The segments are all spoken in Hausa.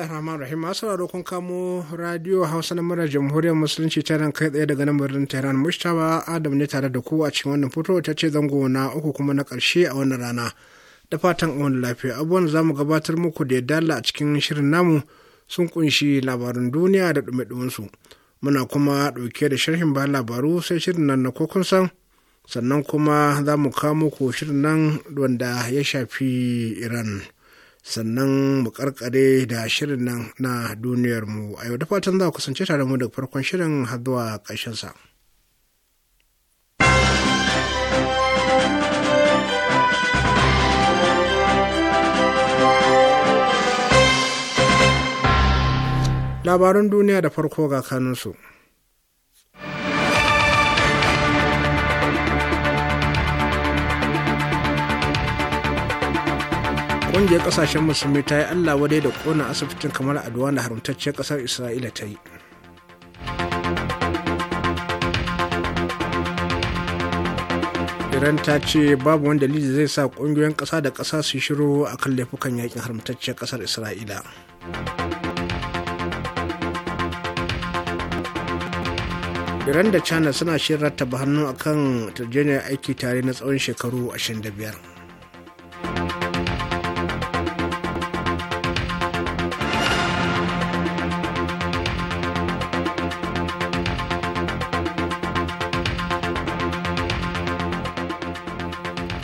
bismillahir rahman rahim masu sauraro kun kamo radio hausa na murar jamhuriyar musulunci ta kai tsaye daga nan birnin tehran mustapha adam ne tare da kowa cikin wannan fito ta ce zango na uku kuma na karshe a wannan rana da fatan wani lafiya abubuwan za mu gabatar muku da yadda a cikin shirin namu sun kunshi labarin duniya da dume duminsu muna kuma ɗauke da sharhin bayan labaru sai shirin nan na kokon san sannan kuma za mu kawo muku shirin nan wanda ya shafi iran. sannan mu karkare da shirin nan na duniyarmu a yau da fatan za ku kusance tare mu daga farkon shirin har zuwa ƙarshensa. Labaran duniya da farko ga kanunsu. ƙungiyar ƙasashen musulmi ta yi allah wadai da ƙona asibitin kamar aduwa na haramtacciyar ƙasar isra'ila ta yi iran ta ce babu wani dalili zai sa ƙungiyoyin ƙasa da ƙasa su shiru a kan laifukan yakin haramtacciyar ƙasar isra'ila iran da china suna shirin rattaba hannu akan kan aiki tare na tsawon shekaru 25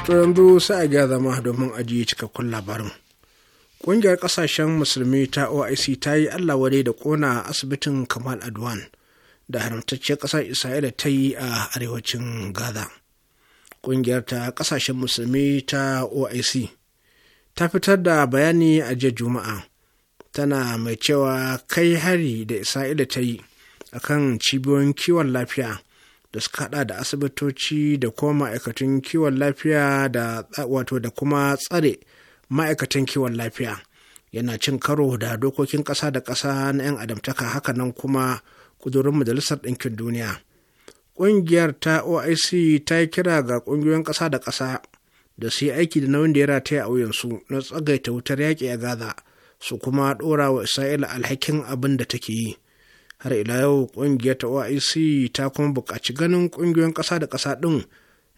to yanzu sai a ga zama domin ajiye cikakkun labarin ƙungiyar ƙasashen musulmi ta oic ta yi allah da ƙona asibitin kamal adwan da haramtacciyar ƙasar isra'ila ta yi a arewacin gaza ƙungiyar ta ƙasashen musulmi ta oic ta fitar da bayani a jiya juma'a tana mai cewa kai hari da isra'ila ta yi akan cibiyoyin kiwon lafiya da suka hada da asibitoci da kuma ma'aikatan kiwon lafiya da wato da kuma tsare ma'aikatan kiwon lafiya yana cin karo da dokokin ƙasa da ƙasa na 'yan adamtaka hakanan kuma kudurin majalisar ɗinkin duniya ƙungiyar ta oic ta yi kira ga ƙungiyoyin ƙasa da ƙasa da su yi aiki da nauyin da ya rataya a wuyansu na tsagaita wutar yaƙi a gaza su kuma ɗora wa isra'ila alhakin abin da take yi har ila yau ƙungiyar ta oic ta kuma buƙaci ganin ƙungiyoyin ƙasa da ƙasa ɗin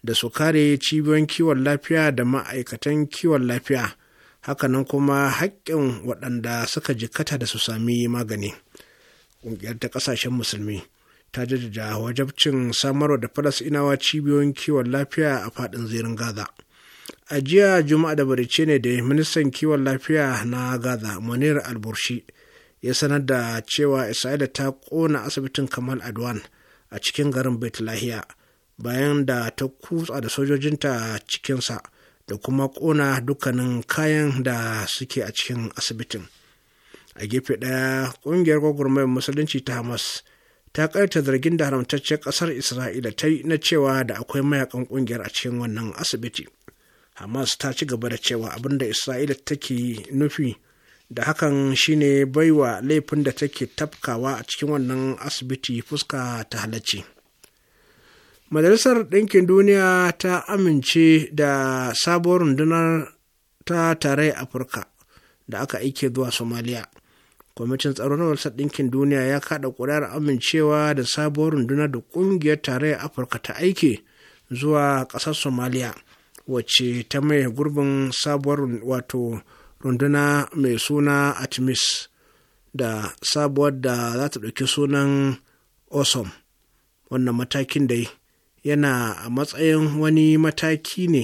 da su kare cibiyoyin kiwon lafiya da ma'aikatan kiwon lafiya hakanan kuma haƙƙin waɗanda suka jikkata da su sami magani ƙungiyar ta ƙasashen musulmi ta jaddada wajabcin samarwa da falasɗinawa cibiyoyin kiwon lafiya a faɗin zirin gaza a jiya juma'a da barice ne da ministan kiwon lafiya na gaza munir alburshi ya sanar da cewa isra'ila ta kona asibitin kamal adwan a cikin garin lahiya bayan da ta kutsa da sojojinta cikinsa da kuma kona dukkanin kayan da suke a cikin asibitin a gefe ɗaya ƙungiyar gwagwarmayar musulunci ta hamas ta karta zargin da haramtacce ƙasar isra'ila ta yi na cewa da akwai mayakan ƙungiyar a cikin wannan asibiti hamas ta ci gaba da cewa abin da isra'ila take nufi da hakan shine baiwa laifin da take tafkawa a cikin wannan asibiti fuska ta halacci majalisar ɗinkin duniya ta amince da sabuwar rundunar ta tarayyar afirka da aka aike zuwa somaliya kwamitin tsaro na wasu ɗinkin duniya ya kaɗa ƙuri'ar amincewa da sabuwar rundunar da ƙungiyar tarayyar afirka ta aike zuwa ƙasar somaliya wacce ta mai gurbin sabuwar wato runduna mai suna artemis da sabuwar da za ta ɗauki sunan osom wannan matakin dai yana a matsayin wani mataki ne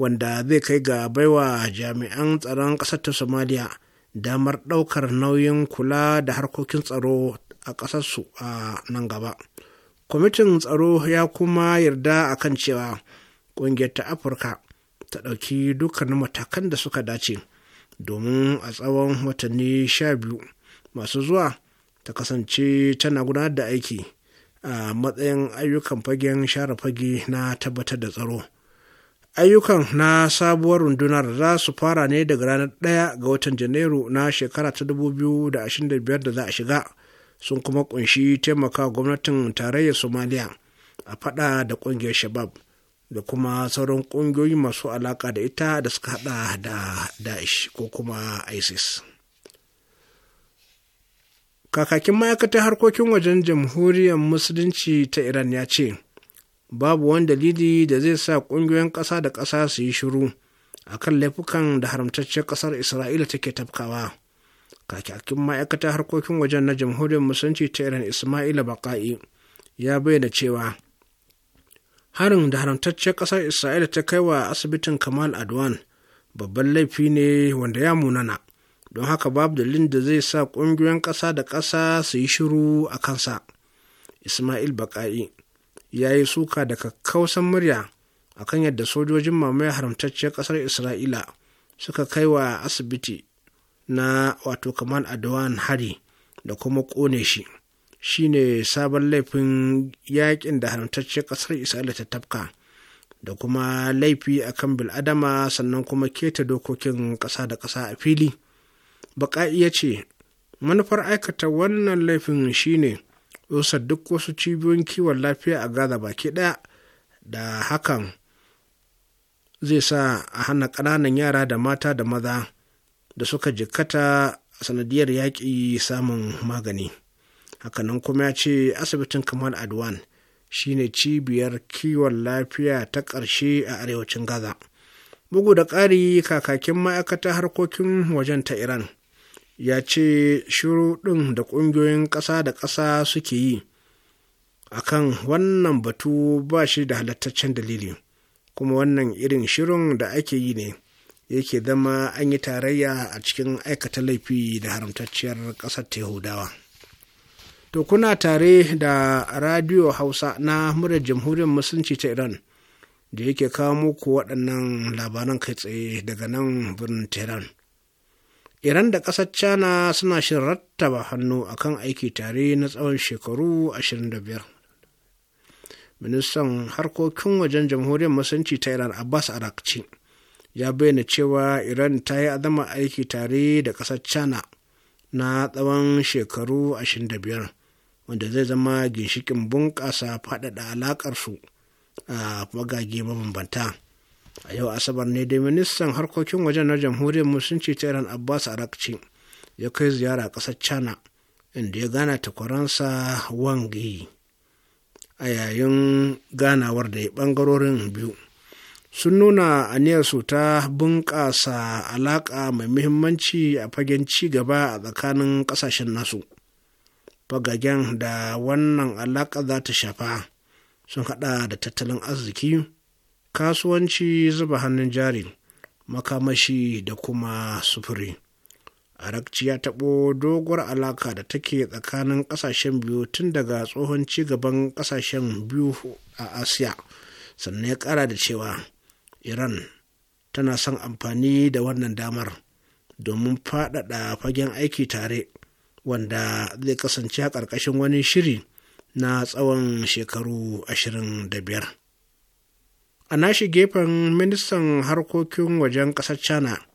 wanda zai kai ga baiwa jami'an tsaron ƙasar ta somaliya damar ɗaukar nauyin kula da harkokin tsaro a ƙasarsu a nan gaba kwamitin tsaro ya kuma yarda a kan cewa ƙungiyar ta afirka ta ɗauki dukkanin matakan da suka dace domin a tsawon watanni sha biyu masu zuwa ta kasance tana gudanar da aiki a matsayin ayyukan fagen share fage na tabbatar da tsaro ayyukan na sabuwar rundunar za su fara ne daga ranar 1 ga watan janairu na shekara ta 2025 da za a shiga sun kuma kunshi taimaka gwamnatin tarayyar somaliya a fada da kungiyar shabab da kuma sauran ƙungiyoyi masu alaƙa da ita da suka haɗa da daesh ko kuma isis kakakin ma'aikatar harkokin wajen jamhuriyar musulunci ta iran ya ce babu wani dalili da zai sa ƙungiyoyin ƙasa da ƙasa su yi shiru a kan laifukan da haramtacciyar ƙasar isra'ila take tafkawa kakakin ma'aikatar harkokin wajen na jamhuriyar musulunci ta iran ismaila baƙa'i ya bayyana cewa harin da haramtacciyar ƙasar isra'ila ta kai wa asibitin kamal adwan babban laifi ne wanda ya munana don haka babu dalilin da zai sa ƙungiyoyin ƙasa da ƙasa su yi shiru a kansa ismail baƙa'i ya yi suka da kakkausan murya a kan yadda sojojin mamaye haramtacciyar ƙasar isra'ila suka kai wa asibiti na wato kamal adwan hari da kuma ƙone shi shine sabon laifin yakin da haramtacciyar ƙasar isra'ila ta tafka da kuma laifi a kan bil'adama sannan kuma keta dokokin ƙasa da ƙasa a fili baƙa'i ya ce manufar aikata wannan laifin shine rusar duk wasu cibiyoyin kiwon lafiya a gaza baki ɗaya da hakan zai sa a hana ƙananan yara da mata da maza da suka jikkata sanadiyar yaƙi samun magani. hakanan kuma ya ce asibitin kamal adwan ne cibiyar kiwon lafiya ta ƙarshe a arewacin gaza bugu da ƙari kakakin ma'aikatar harkokin wajen ta iran ya ce shuruɗin da ƙungiyoyin ƙasa da ƙasa suke yi akan wannan batu ba shi da halittaccen dalili kuma wannan irin shirin da ake yi ne yake zama an yi tarayya a cikin aikata laifi da haramtacciyar ƙasar yahudawa. To kuna tare da Radio Hausa na murar Jamhuriyar Musulunci ta Iran da yake kawo muku waɗannan labaran kai tsaye daga nan birnin Tehran. Iran da ƙasar China suna shirin rattaba hannu akan aiki tare na tsawon shekaru 25. Ministan harkokin wajen jamhuriyar musulunci ta Iran Abbas Arakci ya bayyana cewa Iran ta yi adama aiki tare da ƙasar China na tsawon shekaru 25 wanda zai zama ginshikin bunƙasa faɗaɗa alaƙarsu a magage mabambanta a yau asabar ne da ministan harkokin wajen na jamhuriyar musulunci ta iran abbas arakci ya kai ziyara ƙasar china inda ya gana takwaransa wang yi a yayin ganawar da ya ɓangarorin biyu sun nuna a aniyarsu ta bunƙasa alaƙa mai muhimmanci a fagen ci gaba a tsakanin ƙasashen nasu fagagen da wannan alaƙa za ta shafa sun haɗa da tattalin arziki kasuwanci zuba hannun jari makamashi da kuma sufuri arakci ya taɓo doguwar alaƙa da take tsakanin ƙasashen biyu tun daga tsohon ci gaban ƙasashen biyu a asiya sannan ya ƙara da cewa iran tana son amfani da wannan damar domin faɗaɗa fagen aiki tare wanda zai kasance a ƙarƙashin wani shiri na tsawon shekaru 25 a nashi gefen ministan harkokin wajen ƙasar china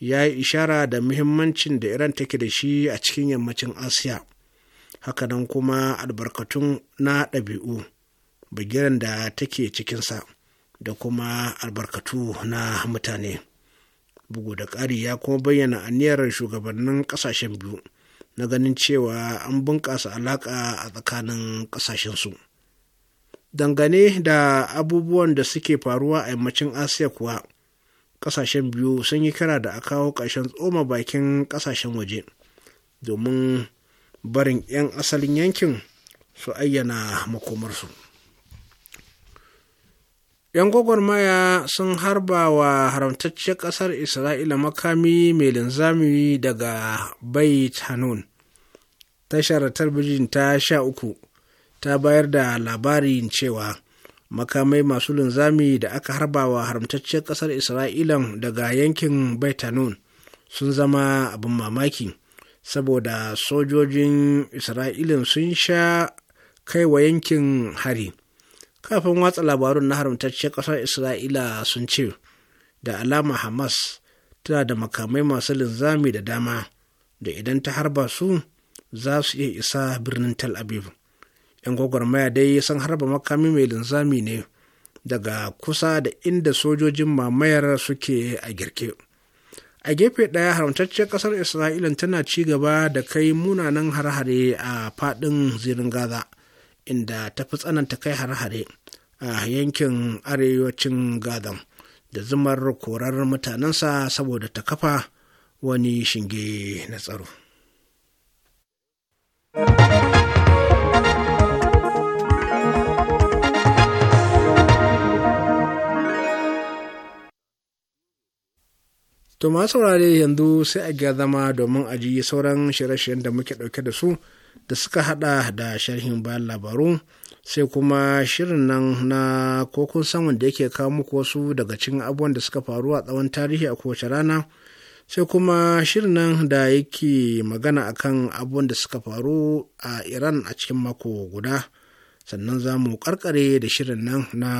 ya yi ishara da muhimmancin da iran take da shi a cikin yammacin asiya hakanan kuma albarkatun na ɗabi'u bigiran da take cikinsa da kuma albarkatu na mutane bugu da ƙari ya kuma bayyana aniyar shugabannin ƙasashen biyu na ganin cewa an bunƙasa alaƙa a tsakanin su dangane da abubuwan da suke faruwa a yammacin asiya kuwa ƙasashen biyu sun yi kira da a kawo ƙarshen tsoma bakin ƙasashen waje domin barin 'yan asalin yankin su ayyana makomarsu. 'yan gwagwarmaya sun harba wa haramtacciyar ƙasar isra'ila makami mai linzami daga bait hanun tashar talbijin ta sha uku ta bayar da labarin cewa makamai masu linzami da aka harba wa haramtacciyar ƙasar isra'ilan daga yankin bait hanun sun zama abin mamaki saboda sojojin isra'ilan sun sha kaiwa yankin hari kafin watsa labarun na haramtacciyar ƙasar isra'ila sun ce da alama hamas tana da makamai masu linzami da dama da idan ta harba su za su iya isa birnin tel aviv yan gwagwarmaya dai sun harba makami mai linzami ne daga kusa da inda sojojin mamayar suke a girke a gefe ɗaya haramtacciyar ƙasar israila tana ci gaba da kai munanan har-hare a faɗin zirin gaza inda ta fi tsananta kai hare-hare a yankin arewacin gadon da zumar korar mutanensa saboda ta kafa wani shinge na tsaro. To ma saurare yanzu sai a ga zama domin aji sauran shirye-shiryen da muke ɗauke da su da suka hada da sharhin bayan labaru sai kuma shirin nan na kokun saman da yake kawo muku wasu daga cikin abubuwan da suka faru a tsawon tarihi a kowace rana sai kuma shirin nan da yake magana akan abubuwan da suka faru a iran a cikin mako guda sannan za mu karkare da shirin nan na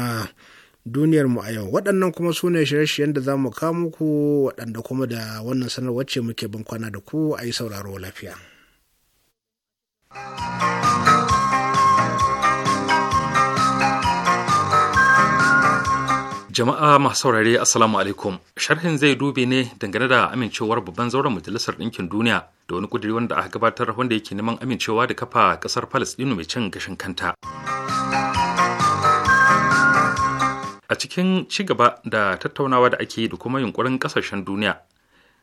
duniyar mu a yau waɗannan kuma su ne shirye-shiryen da za mu kawo muku waɗanda kuma da wannan sanarwar ce muke bankwana da ku a yi sauraro lafiya. Jama'a masu saurare Assalamu alaikum. Sharhin zai dube ne dangane da amincewar babban zauren Majalisar Ɗinkin Duniya da wani kudiri wanda aka gabatar wanda yake neman amincewa da kafa ƙasar Falasɗinu mai cin gashin kanta. A cikin ci gaba da tattaunawa da ake yi da kuma yunkurin ƙasashen duniya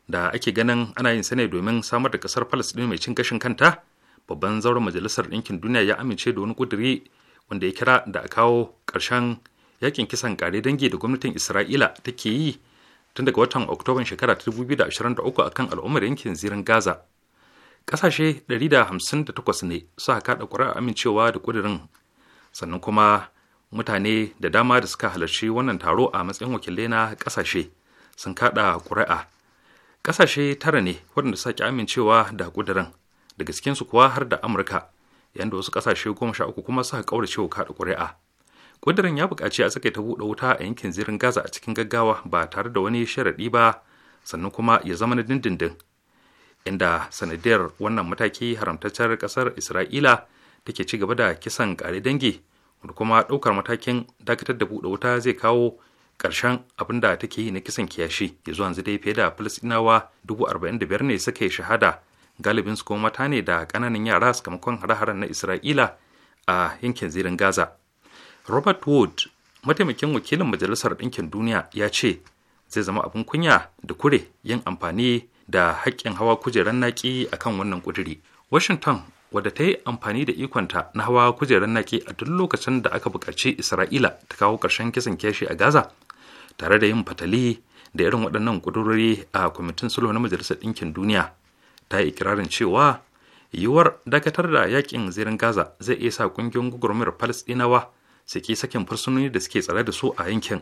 da ake ganin ana yin sa ne domin samar da ƙasar Falasɗinu mai cin gashin kanta, babban zauren majalisar ɗinkin duniya ya amince da wani ƙuduri wanda ya kira da a kawo ƙarshen yakin kisan ƙare dangi da gwamnatin isra'ila take yi tun daga watan oktoban shekara 2023 akan al'ummar yankin zirin gaza ƙasashe 158 ne suka kaɗa ƙuri'a amincewa da ƙudurin sannan kuma mutane da dama da suka halarci wannan taro a matsayin wakilai na ƙasashe sun kaɗa ƙuri'a ƙasashe tara ne waɗanda suka amincewa da ƙudurin daga cikinsu kuwa har da amurka yadda wasu kasashe goma sha uku kuma suka kaura wa kaɗa ƙuri'a ƙudurin ya buƙaci a sakaita ta buɗe wuta a yankin zirin gaza a cikin gaggawa ba tare da wani sharaɗi ba sannan kuma ya zama na dindindin inda sanadiyar wannan mataki haramtaccen ƙasar isra'ila take ci gaba da kisan ƙare dangi wanda kuma ɗaukar matakin dakatar da buɗe wuta zai kawo ƙarshen abin da take yi na kisan kiyashi ya zuwa yanzu dai fiye da falasɗinawa dubu arba'in da biyar ne suka yi shahada galibin su kuma mata ne da ƙananan yara sakamakon hare na isra'ila a yankin zirin gaza robert wood mataimakin wakilin majalisar ɗinkin duniya ya ce zai zama abin kunya da kure yin amfani da haƙƙin hawa kujeran naƙi a kan wannan ƙuduri washington wadda ta yi amfani da ikonta na hawa kujeran naƙi a duk lokacin da aka buƙaci isra'ila ta kawo ƙarshen kisan keshi a gaza tare da yin fatali da irin waɗannan ƙudurori a kwamitin sulhu na majalisar ɗinkin duniya ta yi ikirarin cewa yiwuwar dakatar da yakin zirin gaza zai iya sa kungiyoyin gwagwarmayar palestinawa su ki sakin fursunoni da suke tsare da su a yankin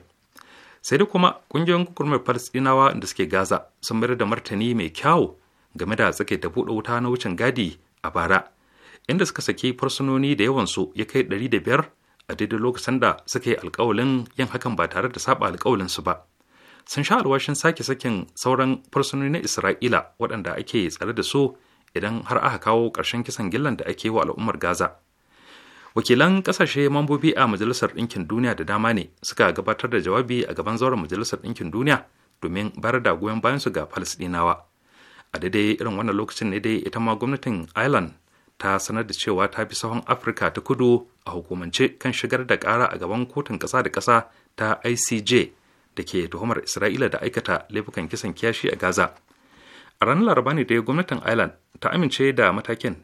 sai dai kuma kungiyoyin gwagwarmayar palestinawa da suke gaza sun mayar da martani mai kyau game da tsake da buɗe wuta na wucin gadi a bara inda suka saki fursunoni da yawansu ya kai ɗari da biyar a daidai lokacin da suka yi alkawalin yin hakan ba tare da saba alkawalinsu ba sun sha alwashin sake sakin sauran fursunoni na isra'ila waɗanda ake tsare da su idan har aka kawo ƙarshen kisan gillan da ake wa al'ummar gaza wakilan ƙasashe mambobi a majalisar ɗinkin duniya da dama ne suka gabatar da jawabi a gaban zauren majalisar ɗinkin duniya domin bayar da goyon bayansu ga falasɗinawa a daidai irin wannan lokacin ne dai ita ma gwamnatin ireland ta sanar da cewa ta fi sahun afirka ta kudu a hukumance kan shigar da ƙara a gaban kotun ƙasa da ƙasa ta icj da ke tuhumar isra'ila da aikata laifukan kisan kiyashi a gaza a ranar laraba ne da gwamnatin ireland ta amince da matakin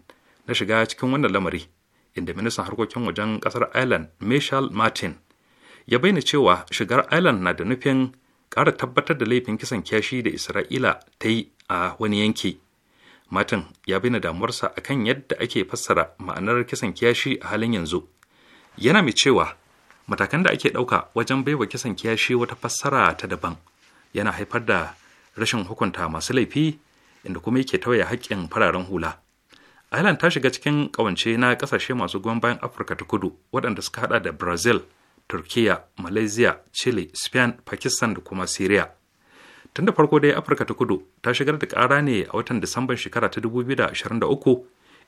na shiga cikin wannan lamari inda ministan harkokin wajen kasar ireland michel martin ya bayyana cewa shigar ireland na da nufin ƙara tabbatar da laifin kisan kiyashi da isra'ila ta yi a wani yanki martin ya bayyana damuwarsa akan yadda ake fassara ma'anar kisan kiyashi a halin yanzu yana mai cewa matakan da ake ɗauka wajen baiwa kisan kiyashi wata fassara ta daban yana haifar da rashin hukunta masu laifi inda kuma yake tauye haƙƙin fararen hula Ireland ta shiga cikin ƙawance na ƙasashe masu goyon bayan Afirka ta kudu waɗanda suka haɗa da Brazil, Turkiya, Malaysia, Chile, Spain, Pakistan da kuma Syria. Tun da farko dai Afirka ta kudu ta shigar da ƙara ne a watan Disamban shekara ta 2023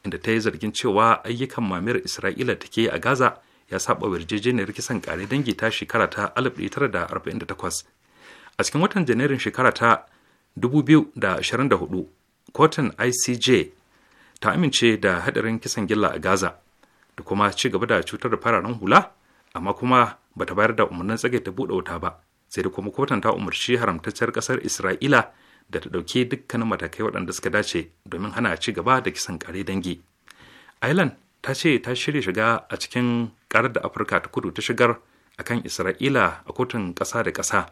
inda ta yi zargin cewa ayyukan mamayar Isra'ila take a Gaza ya saba yarjejeniyar kisan kare dangi ta shekara ta 1948 a cikin watan janairun shekara ta 2024 kotun icj ta amince da hadarin kisan gilla a gaza da kuma ci gaba da cutar da fararen hula amma kuma ba ta bayar da umarnin tsage ta buɗe wuta ba sai da kuma kotun ta umarci haramtacciyar ƙasar isra'ila da ta ɗauki dukkanin matakai waɗanda suka dace domin hana ci gaba da kisan kare dangi Ireland ta ce ta shirya shiga a cikin ƙarar da afirka ta kudu ta shigar a kan isra'ila a kotun ƙasa da ƙasa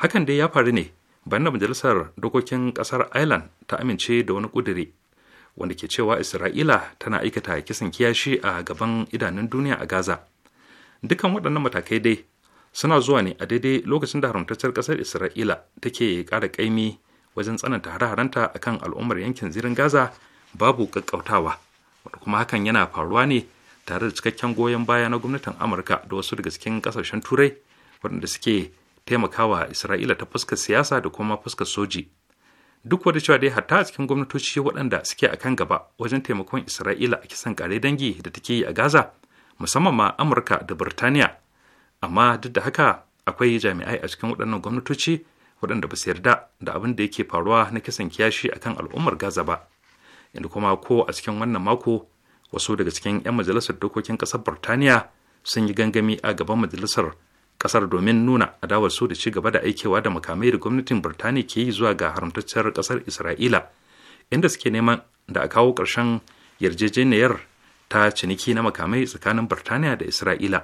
hakan dai ya faru ne bayan da majalisar dokokin ƙasar ireland ta amince da wani ƙudiri wanda ke cewa isra'ila tana aikata kisan kiyashi a gaban idanun duniya a gaza dukan waɗannan matakai dai suna zuwa ne a daidai lokacin da haramtaccen ƙasar isra'ila take ƙara ƙaimi wajen tsananta hare-harenta akan al'ummar yankin zirin gaza babu ƙaƙƙautawa wanda kuma hakan yana faruwa ne tare da cikakken goyon baya na gwamnatin amurka da wasu daga cikin kasashen turai waɗanda suke taimakawa isra'ila ta fuska siyasa da kuma fuskar soji duk wadda cewa dai hatta a cikin gwamnatoci waɗanda suke a kan gaba wajen taimakon isra'ila a kisan kare dangi da take yi a gaza musamman ma amurka da birtaniya amma duk da haka akwai jami'ai a cikin waɗannan gwamnatoci waɗanda ba su yarda da abin da yake faruwa na kisan kiyashi akan al'ummar gaza ba inda kuma ko a cikin wannan mako wasu daga cikin 'yan majalisar dokokin ƙasar burtaniya sun yi gangami a gaban majalisar ƙasar domin nuna adawar su da ci gaba da aikewa da makamai da gwamnatin burtaniya ke yi zuwa ga haramtacciyar ƙasar isra'ila inda suke neman da a kawo ƙarshen yarjejeniyar ta ciniki na makamai tsakanin burtaniya da isra'ila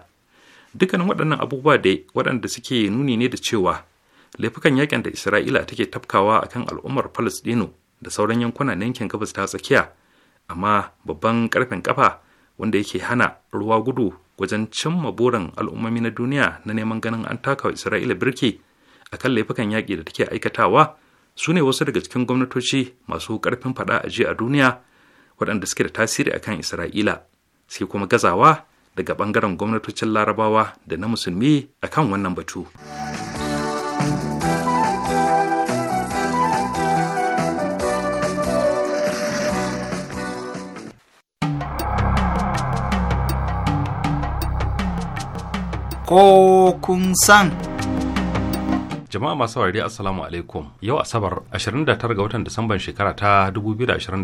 dukkanin waɗannan abubuwa da waɗanda suke nuni ne da cewa laifukan yakin da isra'ila take tafkawa akan al'ummar palestino da sauran yankuna na yankin gabas ta tsakiya amma babban karfin kafa wanda yake hana ruwa gudu wajen cimma burin al'ummomi na duniya na neman ganin an taka wa isra'ila birki a kan laifukan yaƙi da take aikatawa su ne wasu daga cikin gwamnatoci masu karfin faɗa a a duniya waɗanda suke da tasiri a kan isra'ila sai kuma gazawa daga ɓangaren gwamnatocin larabawa da na musulmi akan wannan batu. ko kun san. Jama'a masu saurari Assalamu alaikum yau Asabar 29 ga watan Disamban shekara ta 2024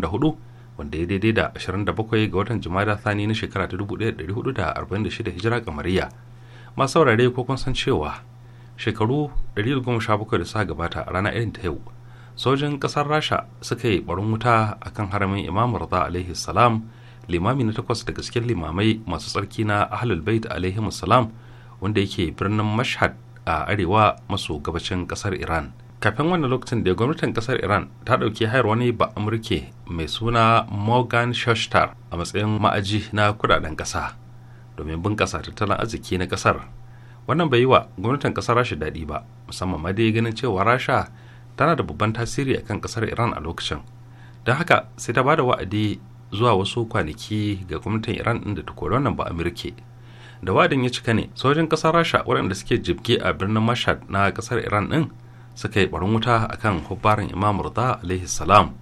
wanda ya daidai da 27 ga watan Jumada Thani na shekara ta 1446 hijira kamariya. Masu saurari ko kun san cewa shekaru 117 da sa gabata a rana irin ta yau sojin ƙasar rasha suka yi barin wuta a kan haramin imam rada alaihi salam limami na takwas daga cikin limamai masu tsarki na ahlul bait alaihi salam wanda yake birnin mashhad a arewa maso gabashin kasar iran kafin wannan lokacin da gwamnatin kasar iran ta dauki hayar wani ba amurke mai suna morgan shashtar a matsayin ma'aji na kudaden kasa, domin bunƙasa tattalin arziki na ƙasar wannan bai yi wa gwamnatin ƙasar rasha daɗi ba musamman ma dai ganin cewa rasha tana da babban tasiri akan ƙasar iran a lokacin don haka sai ta ba da wa'adi zuwa wasu kwanaki ga gwamnatin iran inda ta kori wannan ba amurke da wadin ya cika ne sojin kasar rasha waɗanda suke jibge a birnin mashad na kasar iran ɗin suka yi barin wuta akan hubbarin imam rida alaihi salam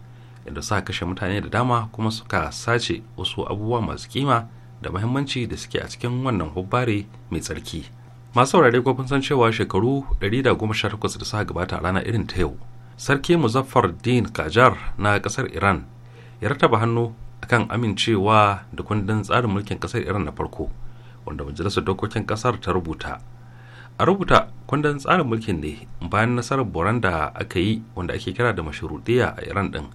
inda suka kashe mutane da dama kuma suka sace wasu abubuwa masu kima da mahimmanci da suke a cikin wannan hubbari mai tsarki masu saurare ko kun san cewa shekaru 118 da suka gabata a ranar irin ta yau sarki muzaffar din kajar na kasar iran ya rataba hannu akan amincewa da kundin tsarin mulkin kasar iran na farko wanda majalisar dokokin kasar ta rubuta a rubuta kundin tsarin mulkin ne bayan nasarar boran da aka yi wanda ake kira da mashurudiya a iran din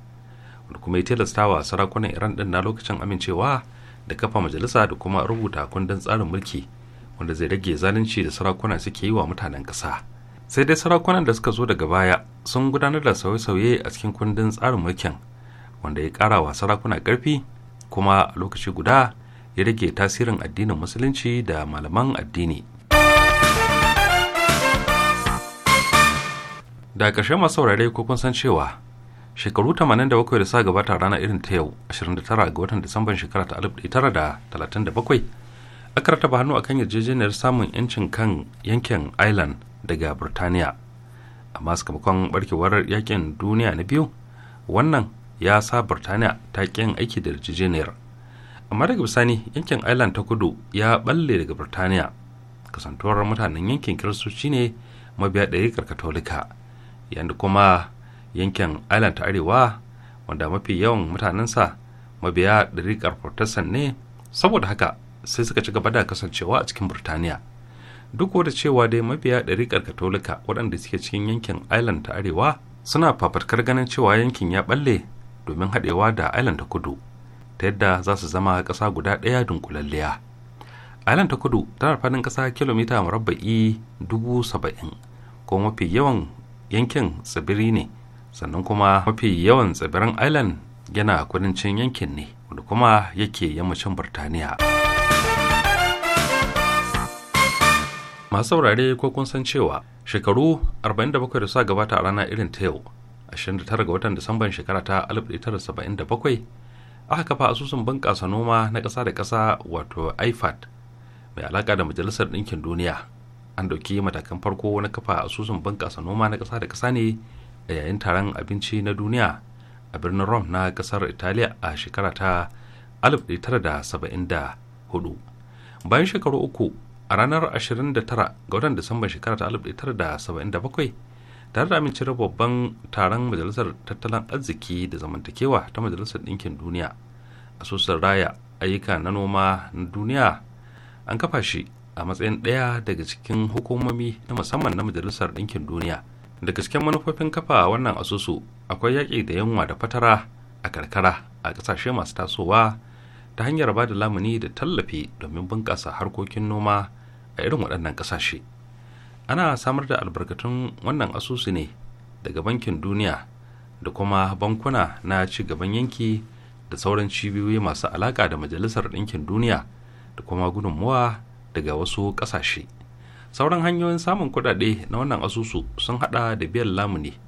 wanda kuma ya tilastawa sarakunan iran din na lokacin amincewa da kafa majalisa da kuma rubuta kundin tsarin mulki wanda zai rage zalunci da sarakuna suke yi wa mutanen kasa. sai dai sarakunan da suka zo daga baya sun gudanar da sauye-sauye a cikin kundin tsarin mulkin wanda ya karawa wa sarakuna karfi kuma a lokaci guda ya rage tasirin addinin musulunci da malaman addini da ƙarshe masu saurare ko kun san cewa shekaru 87 da sa gabata rana irin ta yau 29 ga watan disamban shekara ta 1937 aka rataba hannu akan yarjejeniyar samun 'yancin kan yankin island daga birtaniya amma sakamakon barkewar yakin duniya na biyu wannan ya sa birtaniya ta ƙin aiki da yarjejeniyar amma daga bisani yankin ireland ta kudu ya balle daga birtaniya kasantuwar mutanen yankin kiristoci ne mabiya ɗarikar katolika yadda kuma yankin ireland ta arewa wanda mafi yawan mutanensa mabiya ɗarikar protestant ne saboda haka sai suka ci gaba da kasancewa a cikin birtaniya duk da cewa dai mabiya ɗarikar katolika waɗanda suke cikin yankin ireland ta arewa suna fafatkar ganin cewa yankin ya balle domin haɗewa da ireland ta kudu ta yadda za su zama ƙasa guda ɗaya dunkulalliya island ta kudu tana faɗin ƙasa kilomita murabba'i dubu saba'in ko mafi yawan yankin tsibiri ne sannan kuma mafi yawan tsibirin island yana kudancin yankin ne wanda kuma yake yammacin burtaniya masu saurare ko kun san cewa shekaru 47 da suka gabata a rana irin ta yau 29 ga watan disamban shekara ta 1977 aka kafa asusun bunƙasa noma na ƙasa da ƙasa wato ifad mai alaƙa da majalisar ɗinkin duniya an ɗauki matakan farko na kafa asusun bunƙasa noma na ƙasa da ƙasa ne a yayin taron abinci na duniya a birnin rome na ƙasar italiya a shekara ta 1974 bayan shekaru uku a ranar 29 ga watan disamban shekara ta 1977 tare da amincewa babban taron majalisar tattalin arziki da zamantakewa ta majalisar ɗinkin duniya asusun raya ayyuka na noma na duniya an kafa shi a matsayin ɗaya daga cikin hukumomi na musamman na majalisar ɗinkin duniya Daga cikin manufofin kafa wannan asusu akwai yaƙi da yunwa da fatara a karkara a ƙasashe masu tasowa ta hanyar ba da lamuni da tallafi domin bunƙasa harkokin noma a irin waɗannan ƙasashe. ana samar da albarkatun wannan asusu ne daga bankin duniya da kuma bankuna na ci gaban yanki da sauran cibiyoyi masu alaka da majalisar ɗinkin duniya da kuma gudunmuwa daga wasu ƙasashe sauran hanyoyin samun kuɗaɗe na wannan asusu sun hada da biyan lamuni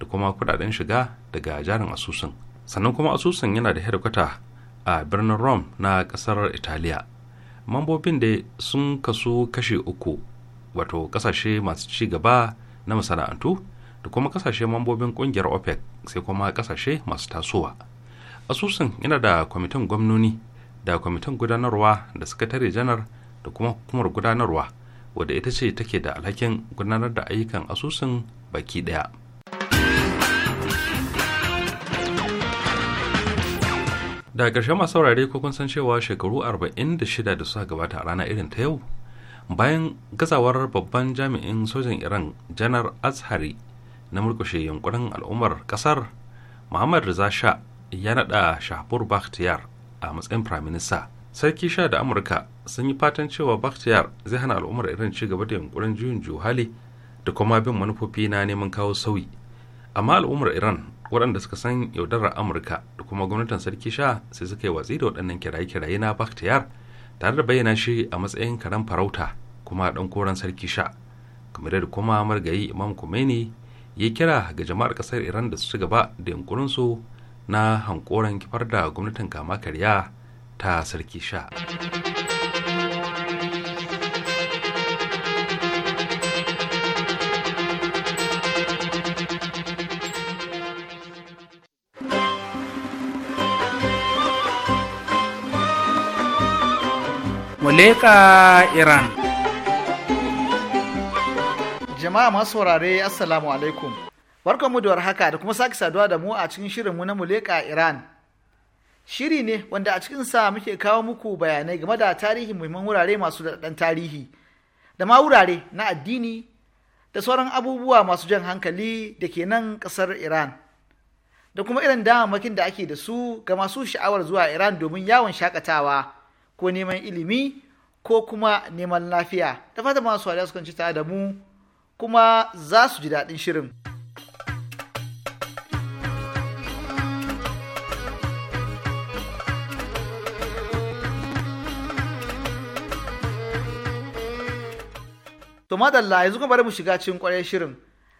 da kuma kuɗaɗen shiga daga jarin asusun sannan kuma asusun yana da hedikwata a birnin rome na ƙasar italiya mambobin da sun kasu kashe uku wato kasashe masu ci gaba na masana'antu da kuma kasashe mambobin kungiyar opec sai kuma kasashe masu tasowa asusun yana da kwamitin gwamnoni da kwamitin gudanarwa da sakatare janar da kuma hukumar gudanarwa wadda ita ce take da alhakin gudanar da ayyukan asusun baki daya daga ƙarshen masu saurare ko kun san cewa shekaru 46 da suka gabata a rana irin ta yau bayan gazawar babban jami'in sojan iran janar azhari na murkushe yankunan al'ummar kasar muhammad reza sha ya nada shahbur bakhtiyar a matsayin firaminista sarki sha da amurka sun yi fatan cewa bakhtiyar zai hana al'ummar iran ci gaba da yankunan juyin juhali da kuma bin manufofi na neman kawo sauyi amma al'ummar iran waɗanda suka san yaudarar amurka da kuma gwamnatin sarki sha sai suka yi watsi da waɗannan kiraye-kiraye na bakhtiyar tare da bayyana shi a matsayin karen farauta kuma ɗan koren sarki sha kamar da kuma margayi imam kumeni ya kira ga jama'ar ƙasar iran da su ci gaba da yunkurinsu na hankoran kifar da gwamnatin kama karya ta sarki sha muleka iran jama'a masu saurare assalamu alaikum barkan mu da warhaka da kuma sake saduwa da mu a cikin shirinmu na muleka iran shiri ne wanda a cikin sa muke kawo muku bayanai game da tarihin muhimman wurare masu daɗaɗɗen tarihi da ma wurare na addini da sauran abubuwa masu jan hankali da ke nan ƙasar iran da kuma irin damammakin da ake da su ga masu sha'awar zuwa iran domin yawon shakatawa ko neman ilimi ko kuma neman lafiya da fata masu wariya su kwanci tare da mu kuma za su ji daɗin shirin. To madalla yanzu kuma bari mu shiga cikin kwarai shirin.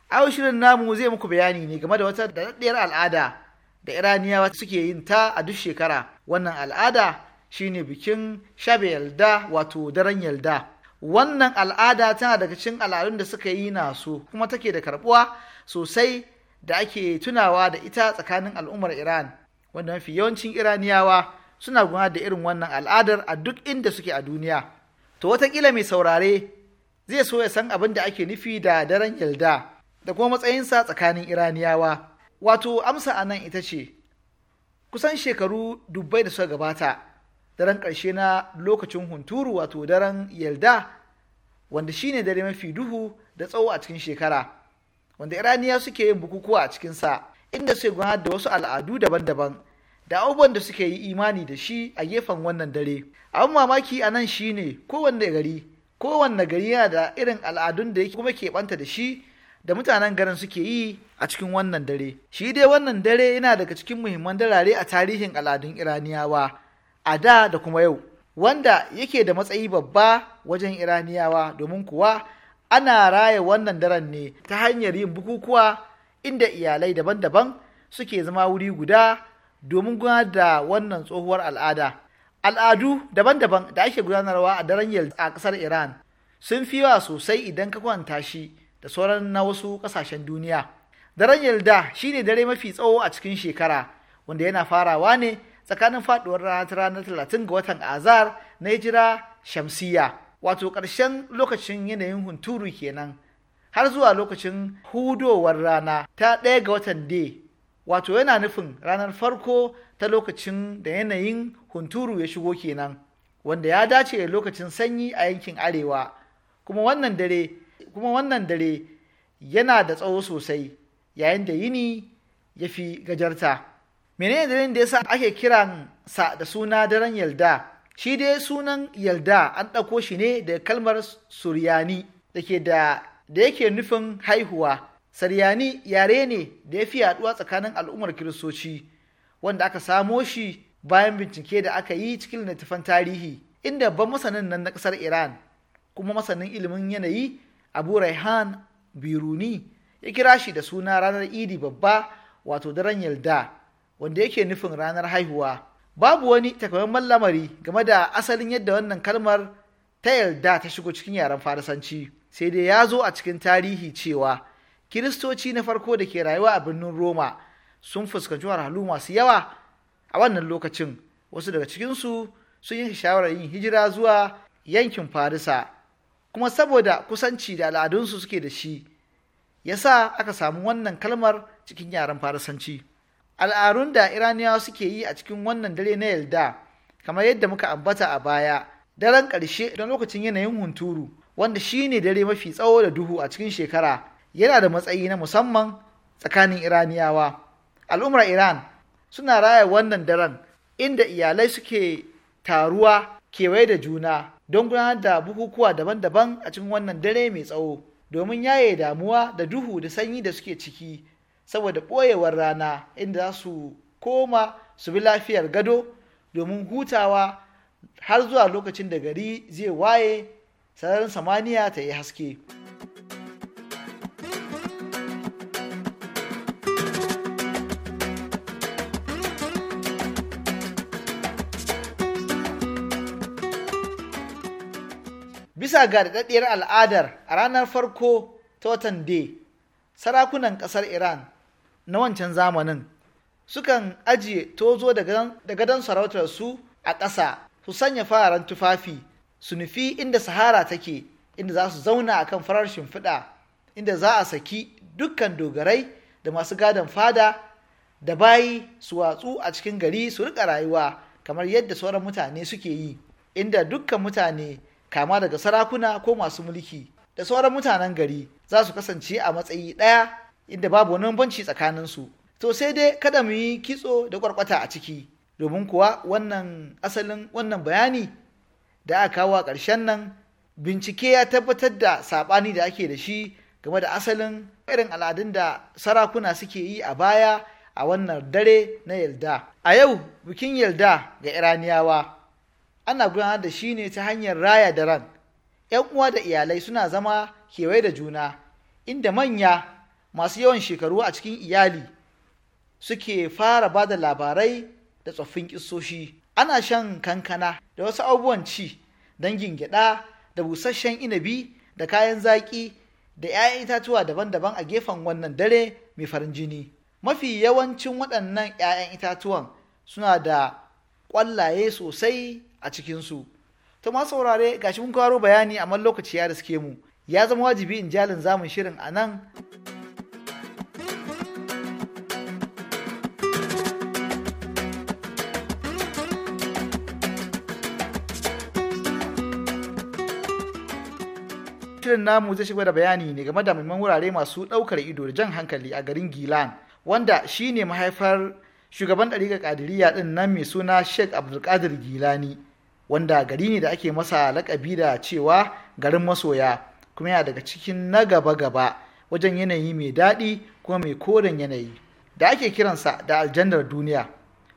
Ayo shirin namu zai muku bayani ne game da wata daɗaɗɗiyar al'ada da Iraniyawa suke yin ta a duk shekara. Wannan al'ada shine bikin shabe yalda wato daren yalda wannan al'ada tana daga cikin al'adun da suka yi na su kuma take da karbuwa sosai da ake tunawa da ita tsakanin al'ummar iran wanda mafi yawancin iraniyawa suna gudanar da irin wannan al'adar a duk inda suke a duniya to watakila mai saurare zai so ya san abin da ake nufi da daren yalda da kuma matsayinsa tsakanin iraniyawa wato amsa a nan ita ce kusan shekaru dubbai da suka gabata daren ƙarshe na lokacin hunturu wato daren yalda wanda shine dare mafi duhu da tsawo a cikin shekara wanda iraniya suke yin bukukuwa a cikinsa inda suke gudanar da wasu al'adu daban-daban da abubuwan da suke yi imani da shi a gefen wannan dare abin mamaki a nan shine kowanne gari kowanne gari yana da irin al'adun da kuma ke banta da shi da mutanen garin suke yi a cikin wannan dare shi dai wannan dare yana daga cikin muhimman darare a tarihin al'adun iraniyawa a da da kuma yau wanda yake da matsayi babba wajen iraniyawa domin kuwa ana raya wannan daren ne ta hanyar yin bukukuwa inda iyalai daban-daban suke zama wuri guda domin gudanar da wannan tsohuwar al'ada al'adu daban-daban da ake gudanarwa a daren yal a ƙasar iran sun fi yawa sosai idan ka kwanta shi da sauran na wasu ƙasashen duniya daren yalda shine dare mafi tsawo a cikin shekara wanda yana farawa ne tsakanin faduwar rana ta ranar talatin ga watan azar na jira shamsiya wato ƙarshen lokacin yanayin hunturu kenan har zuwa lokacin hudowar rana ta ɗaya ga watan de wato yana nufin ranar farko ta lokacin da yanayin hunturu ya shigo kenan wanda ya dace da lokacin sanyi a yankin arewa kuma wannan dare yana da tsawo sosai yayin da yini ya fi gajarta Mene menene dalilin da yasa ake kiran sa da suna daren yalda shi dai sunan yalda an ɗauko shi ne da kalmar suryani da ke da da yake nufin haihuwa Suryani yare ne da ya fi yaduwa tsakanin al'ummar kiristoci wanda aka samo shi bayan bincike da aka yi cikin littattafan tarihi inda babban masanin nan na ƙasar iran kuma masanin ilimin yanayi abu raihan biruni ya kira shi da suna ranar idi babba wato daren yalda wanda yake nufin ranar haihuwa babu wani takamaiman lamari game da asalin yadda wannan kalmar ta yarda ta shigo cikin yaren farisanci sai dai ya zo a cikin tarihi cewa kiristoci na farko da ke rayuwa a birnin roma sun fuskanci wahalhalu masu yawa a wannan lokacin wasu daga cikinsu sun yi shawarar yin hijira zuwa yankin farisa kuma saboda kusanci da al'adunsu suke da shi ya sa aka samu wannan kalmar cikin yaren farisanci al'arun da iraniyawa suke yi a cikin wannan dare na yalda kamar yadda muka ambata a baya daren ƙarshe don lokacin yanayin hunturu wanda shine dare mafi tsawo da duhu a cikin shekara yana da matsayi na musamman tsakanin iraniyawa al'ummar iran suna raya wannan daren inda iyalai suke taruwa kewaye da juna don gudanar da bukukuwa daban-daban a cikin wannan dare mai tsawo domin yaye damuwa da duhu da sanyi da suke ciki saboda ɓoyewar rana inda za su koma su bi lafiyar gado domin hutawa har zuwa lokacin da gari zai waye sararin samaniya ta yi haske. bisa ga daɗaɗɗiyar al'adar a ranar farko ta watan day sarakunan ƙasar iran na wancan zamanin sukan ajiye tozo da gadon sarautar su a ƙasa su sanya fararen tufafi su nufi inda sahara take inda za su zauna akan farar shimfiɗa inda za a saki dukkan dogarai da masu gadon fada da bayi su watsu a cikin gari su riƙa rayuwa kamar yadda sauran mutane suke yi inda dukkan mutane kama daga sarakuna ko masu mulki da sauran mutanen gari za su kasance a matsayi ɗaya inda babu wani banci tsakanin su to sai dai kada mu yi kitso da kwarkwata a ciki domin kuwa wannan asalin wannan bayani da aka kawo a ƙarshen nan bincike ya tabbatar da saɓani da ake da shi game da asalin irin al'adun da sarakuna suke yi a baya a wannan dare na Yarda. a yau bikin Yarda ga iraniyawa ana gudanar da shi ne ta hanyar raya daren 'yan uwa da iyalai suna zama kewaye da juna inda manya masu yawan shekaru a cikin iyali suke fara ba da labarai da tsoffin kisoshi ana shan kankana da wasu abubuwan ci don gingida da busasshen inabi da kayan zaƙi da 'ya'yan itatuwa daban-daban a gefen wannan dare mai farin jini mafi yawancin waɗannan 'ya'yan itatuwan suna da ƙwallaye sosai a cikinsu Ta ma saurare gashi mun karo bayani amma lokaci ya riske mu ya zama wajibi in jalin zamun shirin a nan shirin namu zai shigar da bayani ne game da muhimman wurare masu ɗaukar ido da jan hankali a garin Gilan wanda shine mahaifar shugaban ɗariƙar ƙadiriya ɗin nan mai suna Sheikh Abdulkadir Gilani wanda gari ne da ake masa lakabi da cewa garin masoya kuma yana daga cikin na gaba-gaba wajen yanayi mai daɗi kuma mai koren yanayi da ake kiransa da aljannar duniya.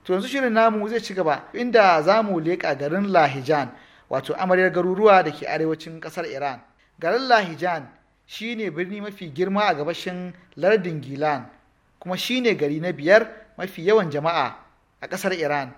To yanzu shirin namu zai ci gaba inda za mu leƙa garin Lahijan wato amaryar garuruwa da ke arewacin ƙasar Iran. garin lahijan shine birni mafi girma a gabashin lardin gilan kuma shine gari na biyar mafi yawan jama'a a ƙasar iran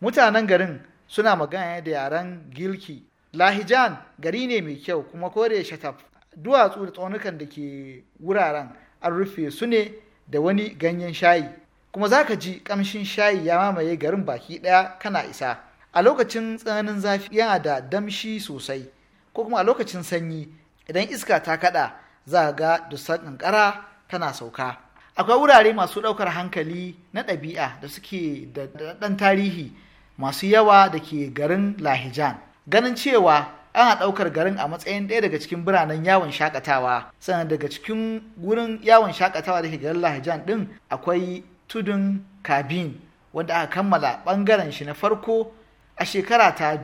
mutanen garin suna magana da yaren gilki lahijan gari ne mai kyau kuma kore shataf duwatsu da tsaunukan da ke wuraren an rufe su ne da wani ganyen shayi kuma za ka ji ƙamshin shayi ya mamaye garin baki ɗaya kana isa a lokacin tsananin zafi yana da damshi sosai ko kuma a lokacin sanyi idan iska ta kaɗa za ga dusar ƙanƙara tana sauka akwai wurare masu ɗaukar hankali na ɗabi'a da suke da ɗan tarihi masu yawa da ke garin lahijan ganin cewa ana ɗaukar garin a matsayin ɗaya daga cikin biranen yawon shakatawa sannan daga cikin wurin yawon shakatawa da ke garin lahijan ɗin akwai tudun kabin wanda aka kammala ɓangaren shi na farko a shekara ta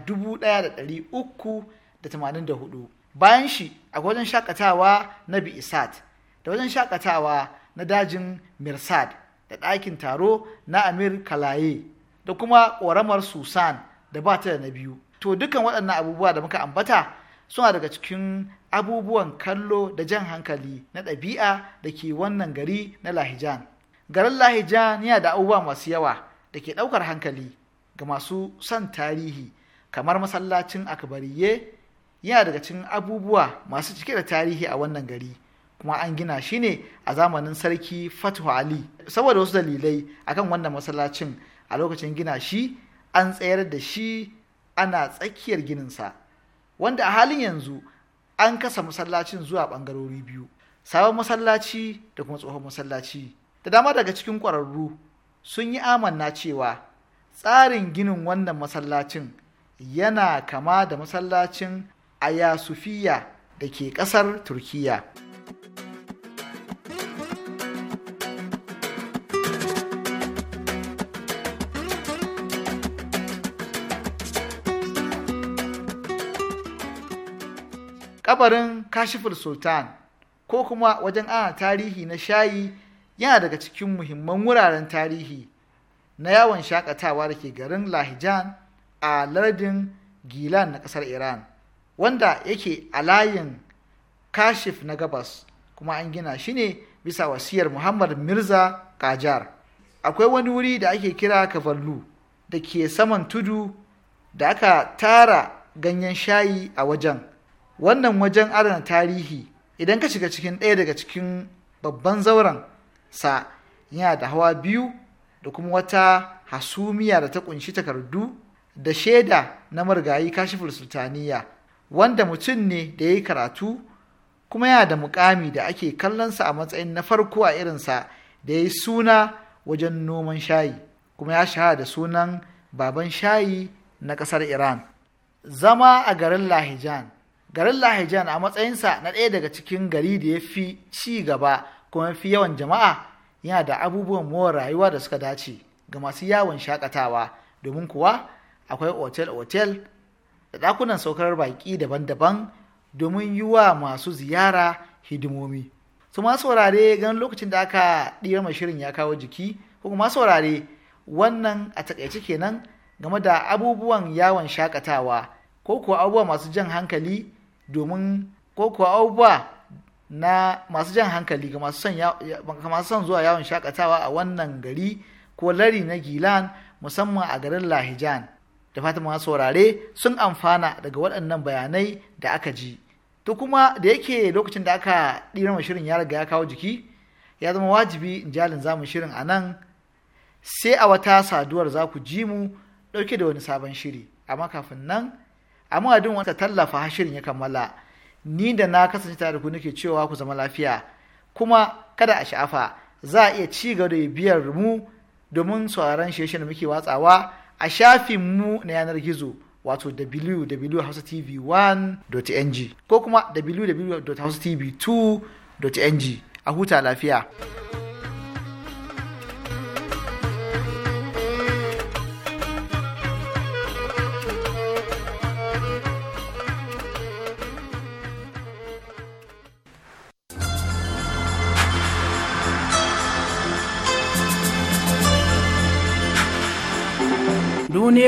uku. da tamanin da hudu bayan shi a wajen shakatawa na bi'isat da wajen shakatawa na dajin mirsad da ɗakin taro na amir kalaye da kuma ƙoramar susan da ba ta da na biyu to dukkan waɗannan abubuwa da muka ambata suna daga cikin abubuwan kallo da jan hankali na ɗabi'a da ke wannan gari na lahijan garin lahijan yana da abubuwa masu yawa da ke ɗaukar hankali ga masu son tarihi kamar masallacin akbariye yana daga cikin abubuwa masu cike da tarihi a wannan gari kuma an gina shi ne a zamanin sarki fatuhu ali saboda wasu dalilai akan wannan masallacin a lokacin gina shi an tsayar da shi ana tsakiyar ginin sa, wanda a halin yanzu an kasa masallacin zuwa ɓangarori biyu sabon masallaci da kuma tsohon masallaci da dama daga cikin kwararru sun yi amanna cewa tsarin ginin wannan masallacin yana kama da masallacin a sufiya da ke ƙasar turkiya kabarin Kashifur sultan ko kuma wajen ana tarihi na shayi yana daga cikin muhimman wuraren tarihi na yawon shakatawa da ke garin lahijan a lardin gilan na kasar iran wanda yake a layin kashif na gabas kuma an gina shi ne bisa wasiyar muhammad mirza kajar akwai wani wuri da ake kira kavallu da ke saman tudu da aka tara ganyen shayi a wajen wannan wajen adana tarihi idan ka shiga cikin ɗaya daga cikin babban zauren sa yana da hawa biyu da kuma wata hasumiya da ta kunshi takardu da shaida na marigayi kashiful sultaniya wanda mutum ne da ya yi karatu kuma yana da mukami da ake kallonsa a matsayin na farko a irinsa da ya yi suna wajen noman shayi kuma ya shahara da sunan baban shayi na kasar iran zama a garin lahijan garin lahijan a matsayinsa na ɗaya daga cikin gari da ya fi ci gaba kuma fi yawan jama'a yana da abubuwan more rayuwa da suka dace ga masu yawon shakatawa domin kuwa akwai otel-otel da ɗakunan saukar baƙi daban-daban domin yi wa masu ziyara hidimomi. su ma saurare gan lokacin da aka ɗiyar shirin ya kawo jiki ko kuma saurare wannan a takaice kenan game da abubuwan yawon shakatawa ko kuwa abubuwa masu jan hankali domin ko kuwa abubuwa na masu jan hankali ga masu son zuwa yawon shakatawa a wannan gari ko lari na gilan musamman a garin lahijan da fatan masu saurare sun amfana daga waɗannan bayanai da aka ji to kuma da yake lokacin da aka ɗira shirin ya riga ya kawo jiki ya zama wajibi in jalin zamu shirin a nan sai a wata saduwar za ku ji mu ɗauke da wani sabon shiri amma kafin nan a muhadin wata tallafa shirin ya kammala ni da na kasance tare da ku nake cewa ku zama lafiya kuma kada a sha'afa za a iya ci gaba da biyar mu domin sauraron shirye da muke watsawa a shafin mu na yanar gizo wato www.hausatv1.ng ko kuma www.hausatv2.ng a huta lafiya.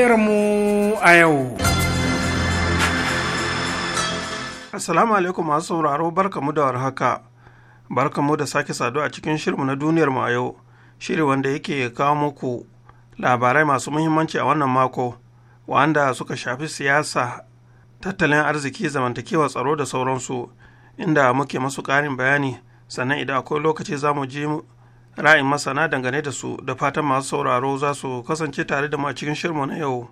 Duniyarmu a yau. Assalamu alaikum masu sauraro barkamu da warhaka. Barkamu da sake saduwa a cikin shirmu na duniyar mu a yau, shiri wanda yake kawo muku labarai masu muhimmanci a wannan mako, wanda suka shafi siyasa, tattalin arziki, zamantakewa tsaro da sauransu, inda muke masu ƙarin bayani, sannan idan akwai lokaci za mu je ra'ayin masana dangane da su da fatan masu sauraro za su kasance tare da mu a cikin shirmu na yau.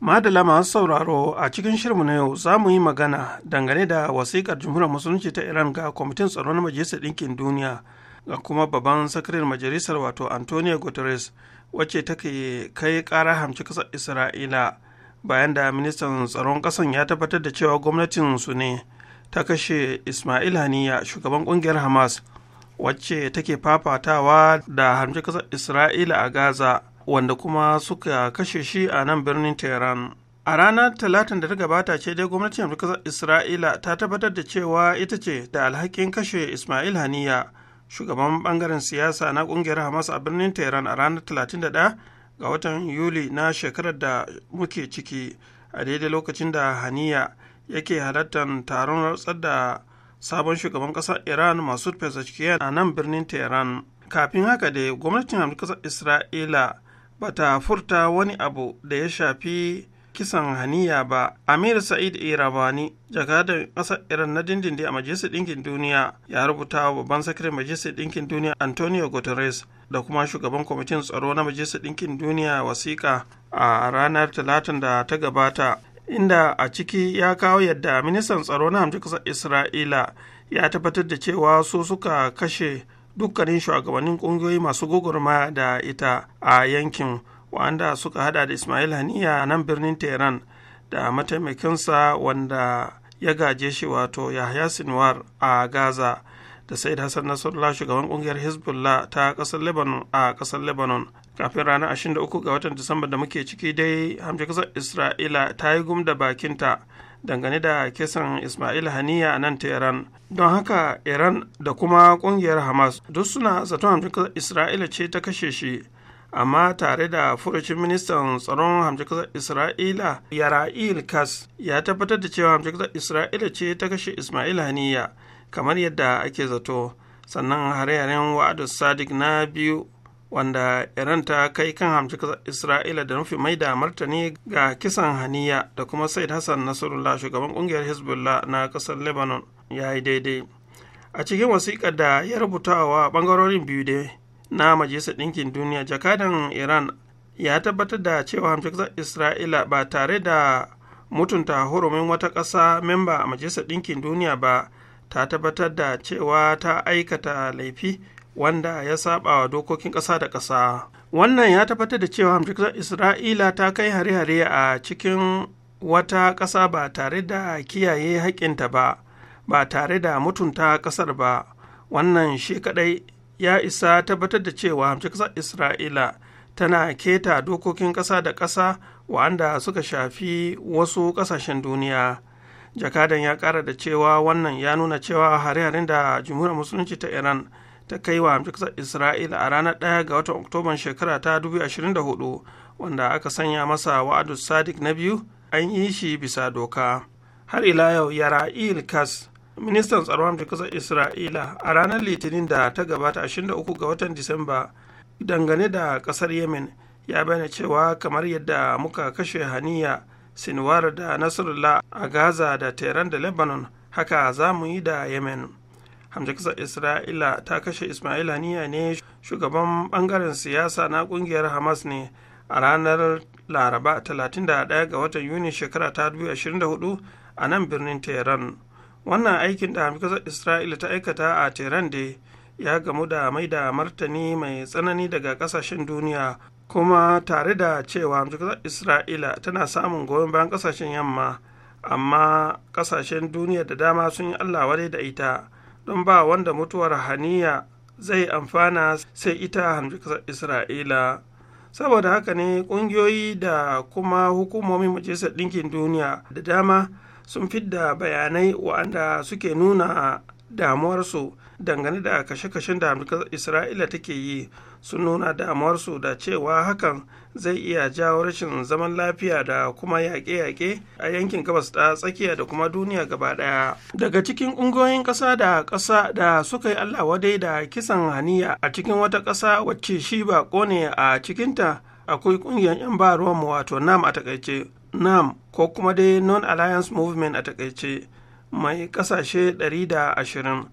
Madala masu sauraro a cikin shirmu na yau za mu yi magana dangane da wasiƙar jumhuriyar musulunci ta Iran ga kwamitin tsaron Majalisar Ɗinkin Duniya ga kuma babban sakarin majalisar wato Antonio Guterres wacce take kai ƙara hamci ƙasar Isra'ila. bayan da ministan tsaron ƙasan ya tabbatar da cewa gwamnatin su ne ta kashe ismail haniya shugaban ƙungiyar hamas wacce take fafatawa da hamshe ƙasar isra'ila a gaza wanda kuma suka kashe shi a nan birnin tehran a ranar talatin da ta gabata ce dai gwamnatin amurka isra'ila ta tabbatar da cewa ita ce da alhakin kashe ismail haniya shugaban bangaren siyasa na kungiyar hamas a birnin tehran a ranar 31 ga watan yuli na shekarar da muke ciki a daidai lokacin da haniya yake halartar taron rantsar da sabon shugaban kasar iran masu pezeshkian a nan birnin tehran kafin haka dai gwamnatin kasar isra'ila ba ta furta wani abu da ya shafi kisan haniya ba amir sa'id irabani jakadan ƙasar iran na dindindin a majalisar ɗinkin duniya ya rubuta wa babban sakirin majalisar ɗinkin duniya antonio guterres da kuma shugaban kwamitin tsaro na majalisar ɗinkin duniya wasiƙa a ranar talatin da ta gabata inda a ciki ya kawo yadda ministan tsaro na hamshin ƙasar isra'ila ya tabbatar da cewa su suka kashe dukkanin shugabannin ƙungiyoyi masu gugurma da ita a yankin wanda suka hada da ismail haniya a nan birnin tehran da mataimakinsa wanda ya gaje shi wato yahya sinwar a gaza da said hassan nasrullah shugaban kungiyar hezbollah ta kasar lebanon a kasar lebanon kafin ranar 23 ga watan disamba da muke ciki dai hamshe kasar isra'ila ta yi gum da bakinta dangane da kisan Ismail Haniya a nan Tehran. Don haka Iran da kuma kungiyar Hamas duk suna zaton kasar Isra'ila ce ta kashe shi amma tare da furucin ministan tsaron hamjakasar isra'ila yara'il kas ya tabbatar da cewa hamjakasar isra'ila ce ta kashe ismail haniya kamar yadda ake zato sannan hare-haren wa'adu sadiq na biyu wanda iran ta kai kan hamjakasar isra'ila da nufi mai da martani ga kisan haniya da kuma said hassan nasarullah shugaban kungiyar hezbollah na kasar lebanon ya yi daidai a cikin wasiƙar da ya rubuta wa ɓangarorin biyu dai na majalisar ɗinkin duniya jakadan iran ya tabbatar da cewa hamshaksar isra'ila ba tare da mutunta hurumin wata ƙasa memba a majalisar ɗinkin duniya ba ta tabbatar da cewa ta aikata laifi wanda ya saba wa dokokin ƙasa da ƙasa wannan ya tabbatar da cewa hamshaksar isra'ila ta kai hare-hare a cikin wata ƙasa ba tare da kiyaye haƙƙinta ba ba tare da mutunta ƙasar ba wannan shi kaɗai ya isa tabbatar da cewa hamshe ƙasar isra'ila tana keta dokokin ƙasa da ƙasa wa'anda suka shafi wasu ƙasashen duniya jakadan ya ƙara da cewa wannan ya nuna cewa hare-haren da jumhuriyar musulunci ta iran ta kai wa ƙasar isra'ila a ranar 1 ga watan oktoban shekara ta 2024 wanda aka sanya masa wa'adu sadiq na biyu an yi shi bisa doka har ila yau yara'il kas ministan Tsaro hamshin kasar isra'ila a ranar litinin da ta gabata 23 ga watan disamba dangane da kasar yemen ya bayyana cewa kamar yadda muka kashe haniya sinwar da nasrullah a gaza da tehran da lebanon haka za mu yi da yemen Hamza kasar isra'ila ta kashe ismail haniya ne shugaban bangaren siyasa na kungiyar hamas ne a ranar laraba 31 ga watan yuni shekara ta 2024 a nan birnin tehran wannan aikin da hamkasar isra'ila ta aikata a tehran da ya gamu da mai da martani mai tsanani daga kasashen duniya kuma tare da cewa hamkasar isra'ila tana samun goyon bayan kasashen yamma amma kasashen duniya da dama sun yi allah ware da ita don ba wanda mutuwar haniya zai amfana sai ita hamkasar isra'ila saboda haka ne ƙungiyoyi da kuma hukumomin majalisar ɗinkin duniya da dama sun fidda bayanai wa'anda suke nuna damuwarsu dangane da kashe-kashen da amurka isra'ila take yi sun nuna damuwarsu da cewa hakan zai iya jawo rashin zaman lafiya da kuma yaƙe-yaƙe a yankin gabas ta tsakiya da kuma duniya gaba ɗaya daga cikin ƙungiyoyin ƙasa da ƙasa da suka yi allah wadai da kisan haniya a cikin wata ƙasa wacce shi ba ne a cikinta akwai ƙungiyar 'yan ba ruwanmu wato nam a takaice nam ko kuma dai non-alliance movement a takaice mai kasashe 120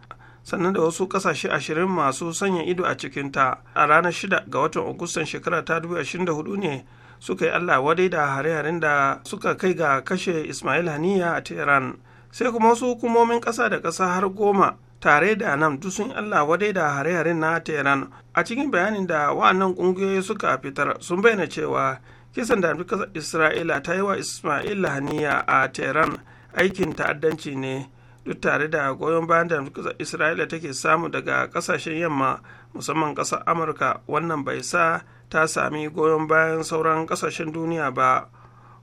sannan da wasu kasashe 20 masu sanya ido a cikinta a ranar 6 ga watan agustan shekara ta 2024 ne suka yi allah wadai da hare-haren da suka kai ga kashe ismail haniya a tehran sai kuma wasu hukumomin ƙasa da ƙasa har goma tare da nan duk sun allah wadai da hare-haren na tehran a cikin bayanin da wa'annan ƙungiyoyi suka fitar sun bayyana cewa kisan da amurka isra'ila ta yi wa ismail haniya a tehran aikin ta'addanci ne duk tare da goyon bayan da amurka isra'ila take samu daga kasashen yamma musamman kasar amurka wannan bai sa ta sami goyon bayan sauran kasashen duniya ba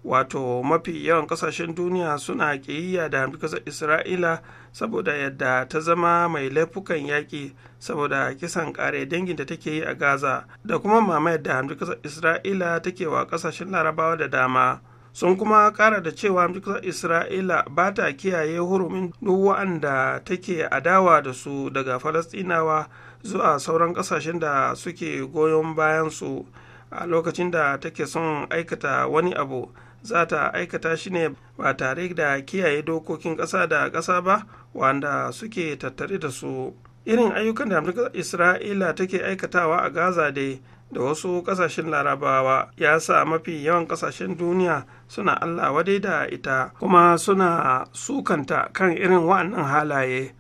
wato mafi yawan kasashen duniya suna kiyayya da hamdukasar isra'ila saboda yadda ta zama mai laifukan yaƙi saboda kisan ƙare dangin da take yi a gaza da kuma mamayar da hamdukasar isra'ila take wa kasashen larabawa da dama sun kuma ƙara da cewa hamdukasar isra'ila ba ta kiyaye hurumin duk wa'anda take adawa da su daga falastinawa zuwa sauran kasashen da suke goyon bayan su a lokacin da take son aikata wani abu za ta aikata shi ne ba tare da kiyaye dokokin ƙasa da ƙasa ba wanda suke tattare da su irin ayyukan da amurka isra'ila take aikatawa a gaza dai da wasu kasashen larabawa ya sa mafi yawan kasashen duniya suna allah wadai da ita kuma suna sukanta kan irin wa'annan halaye.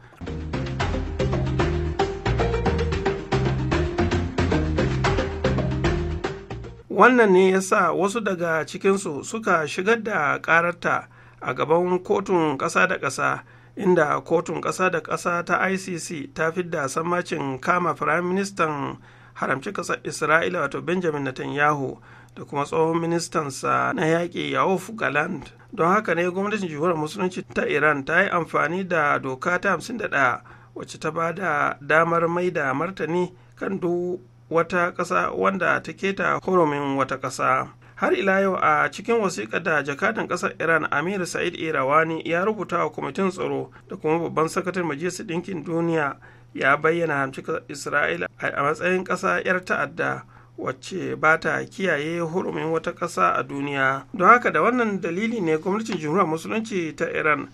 wannan ne ya sa wasu daga cikinsu suka shigar da ƙararta a gaban kotun ƙasa da ƙasa inda kotun ƙasa da ƙasa ta icc ta fi da sammacin kama firayim ministan haramci ƙasar isra'ila wato benjamin netanyahu da kuma tsohon ministansa na yaƙi yawuf galand don haka ne gwamnatin jihuwar musulunci ta iran ta yi amfani da doka ta 51 wacce ta ba da damar mai da martani kan duk wata ƙasa wanda ta keta horomin wata ƙasa. har ila yau a cikin wasiƙa da jakadan ƙasar iran amir sa'id irawani ya rubuta wa kwamitin tsaro da kuma babban sakatar majalisar ɗinkin duniya ya bayyana hamcika isra'ila a matsayin ƙasa 'yar ta'adda wacce ba ta kiyaye hurumin wata ƙasa a duniya don haka da wannan dalili ne gwamnatin jumhuriyar musulunci ta iran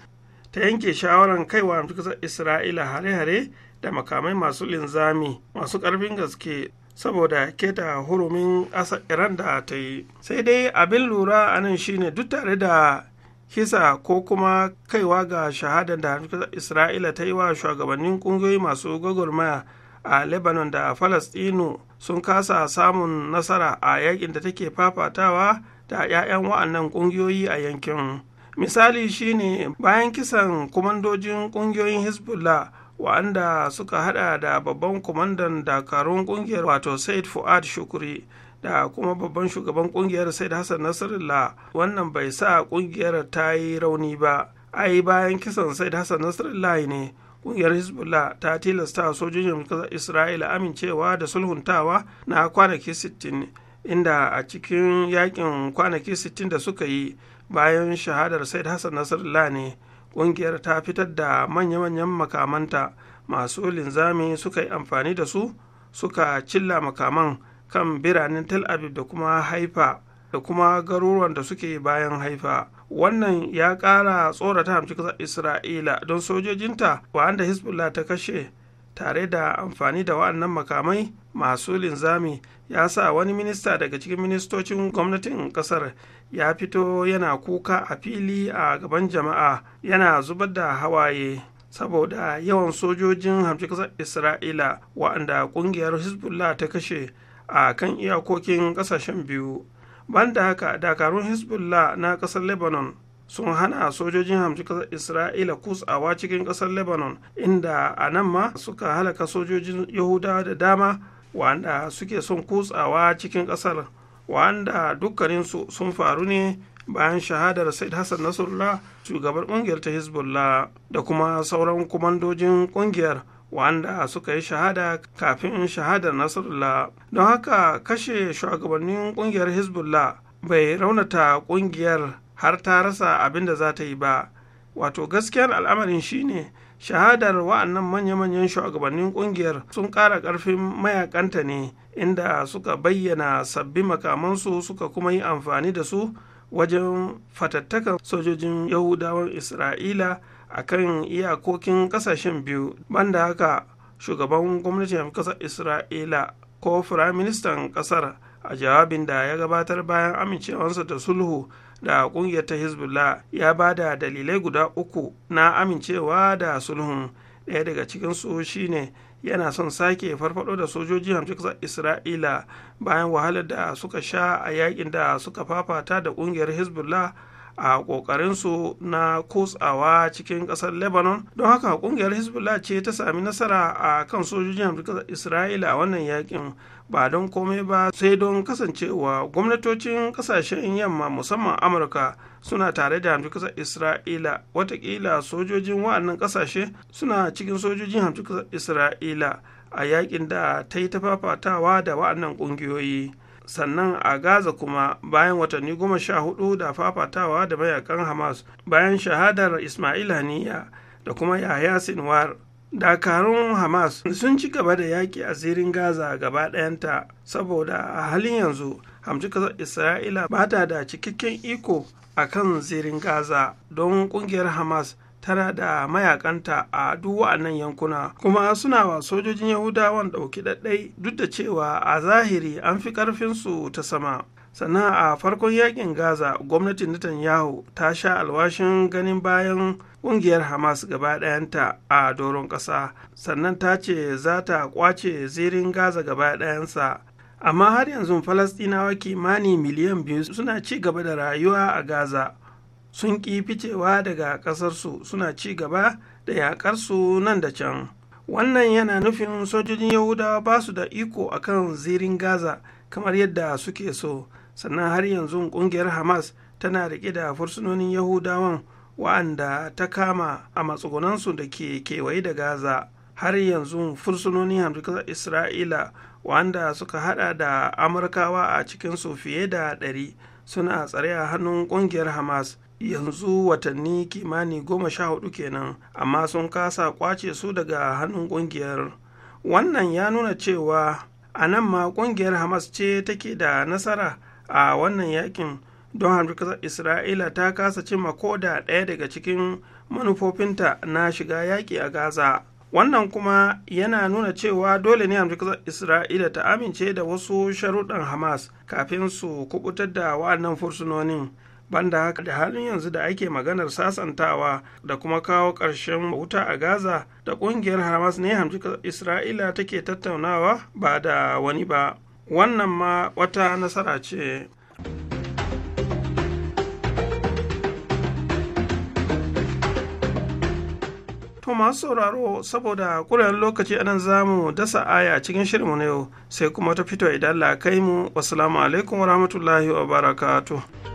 ta yanke shawarar kaiwa hamcika isra'ila hare-hare da makamai masu linzami masu ƙarfin gaske saboda ke da hurumin ƙasa iran da ta yi sai dai abin lura a nan shine duk tare da kisa ko kuma kaiwa ga shahadar da isra'ila ta yi wa shugabannin kungiyoyi masu gwagwarmaya a lebanon da falastinu sun kasa samun nasara a yakin da take fafatawa da 'ya'yan wa'annan kungiyoyi a yankin misali shine bayan kisan kumandojin kungiyoyin hezbollah wa'anda suka hada da babban kumandan dakarun kungiyar wato said fuad shukuri da kuma babban shugaban kungiyar said hassan nasrallah wannan bai sa kungiyar ta yi rauni ba ai bayan kisan said hassan nasrallah ne kungiyar hezbollah ta tilasta sojojin isra'ila amincewa da sulhuntawa na kwanaki 60 inda a cikin yakin kwanaki 60 da suka yi bayan shahadar said hassan nasrallah ne ƙungiyar ta fitar da manya-manyan makamanta masu linzami suka yi amfani da su suka cilla makaman kan biranen tel aviv da kuma haifa da kuma garuruwan da suke bayan haifa wannan ya ƙara tsorata hamci isra'ila don sojojinta wa'anda hezbollah ta kashe tare da amfani da wa'annan makamai masu linzami ya sa wani minista daga cikin ministocin gwamnatin ƙasar ya fito yana kuka a fili a gaban jama'a yana zubar da hawaye saboda yawan sojojin hamshin isra'ila wa'anda kungiyar hezbollah ta kashe a kan iyakokin kasashen biyu banda haka dakarun hezbollah na kasar lebanon sun hana sojojin hamshin kasar isra'ila kutsawa cikin kasar lebanon inda a nan ma suka halaka sojojin yahudawa da dama wa'anda suke son kutsawa cikin kasar wanda dukkaninsu sun faru ne bayan shahadar said hassan nasrullah shugaban kungiyar ta hezbollah da kuma sauran kumandojin kungiyar wanda suka yi shahada kafin shahadar nasrullah don haka kashe shugabannin kungiyar hezbollah bai raunata kungiyar har ta rasa abin da za ta yi ba wato gaskiyar al'amarin shine shahadar wa'annan manya-manyan shugabannin kungiyar sun ƙara ƙarfin mayakanta ne inda suka bayyana sabbin makamansu suka kuma yi amfani da su wajen fatattakan sojojin yahudawan isra'ila a kan iyakokin ƙasashen biyu banda haka shugaban gwamnatin kasar isra'ila ko firaministan ƙasar a jawabin da ya gabatar bayan amincewarsa da sulhu da ƙungiyar ta hezbollah ya ba da dalilai guda uku na amincewa da sulhun ɗaya daga cikinsu shine yana son sake farfado da sojoji hamsin a isra'ila bayan wahalar da suka sha a yakin da suka fafata da ƙungiyar hezbollah a su na kotsawa cikin kasar lebanon don haka kungiyar hezbollah ce ta sami nasara a kan sojojin amurka isra'ila a wannan yakin ba don komai ba sai don kasancewa gwamnatocin kasashen yamma musamman amurka suna tare da hamdukasar isra'ila watakila sojojin wa'annan kasashe suna cikin sojojin hamdukasar isra'ila a yakin da ta yi ta fafatawa da wa'annan kungiyoyi. sannan a gaza kuma bayan watanni goma sha hudu da fafatawa da mayakan hamas bayan shahadar ismail haniya da kuma yahya sinwar dakarun hamas sun ci gaba da yaƙi a zirin gaza gaba ɗayanta saboda a halin yanzu hamci isra'ila ba ta da cikakken iko a kan zirin gaza don ƙungiyar hamas tana da mayakanta a duk wa'annan yankuna kuma suna wa sojojin yahudawan ɗauki ɗaɗɗai duk da cewa a zahiri an fi ƙarfinsu ta sama sannan a farkon yakin gaza gwamnatin netanyahu ta sha alwashin ganin bayan ƙungiyar hamas gaba ɗayanta a doron ƙasa sannan ta ce za ta ƙwace zirin gaza gaba ɗayansa amma har yanzu falastinawa kimanin miliyan biyu suna ci gaba da rayuwa a gaza sun ƙi ficewa daga ƙasarsu suna ci gaba da yaƙarsu nan da can wannan yana nufin sojojin yahudawa ba su da iko akan zirin gaza kamar yadda suke so sannan har yanzu ƙungiyar hamas tana riƙe da fursunonin yahudawan wa'anda ta kama a matsugunansu da ke kewaye da gaza har yanzu fursunonin hamdukar isra'ila wa'anda suka hada da amurkawa a cikinsu fiye da ɗari suna tsare a hannun ƙungiyar hamas yanzu watanni kimani goma sha hudu kenan amma sun kasa kwace su daga hannun kungiyar wannan ya nuna cewa a nan ma kungiyar hamas ce take da nasara a wannan yakin don hamdukasar isra'ila ta kasa cimma ko da ɗaya daga cikin manufofinta na shiga yaki a gaza wannan kuma yana nuna cewa dole ne hamdukasar isra'ila ta amince da wasu sharuɗan hamas kafin su kubutar da wa'annan fursunonin banda haka da halin yanzu da ake maganar sasantawa da kuma kawo ƙarshen wuta a gaza da ƙungiyar hamas ne hamji isra'ila take tattaunawa ba da wani ba wannan ma wata nasara ce to masu sauraro saboda ƙuran lokaci anan zamu dasa aya cikin shirinmu na yau sai kuma ta fito idan la kai mu wasu alaikum wa rahmatullahi wa barakatuh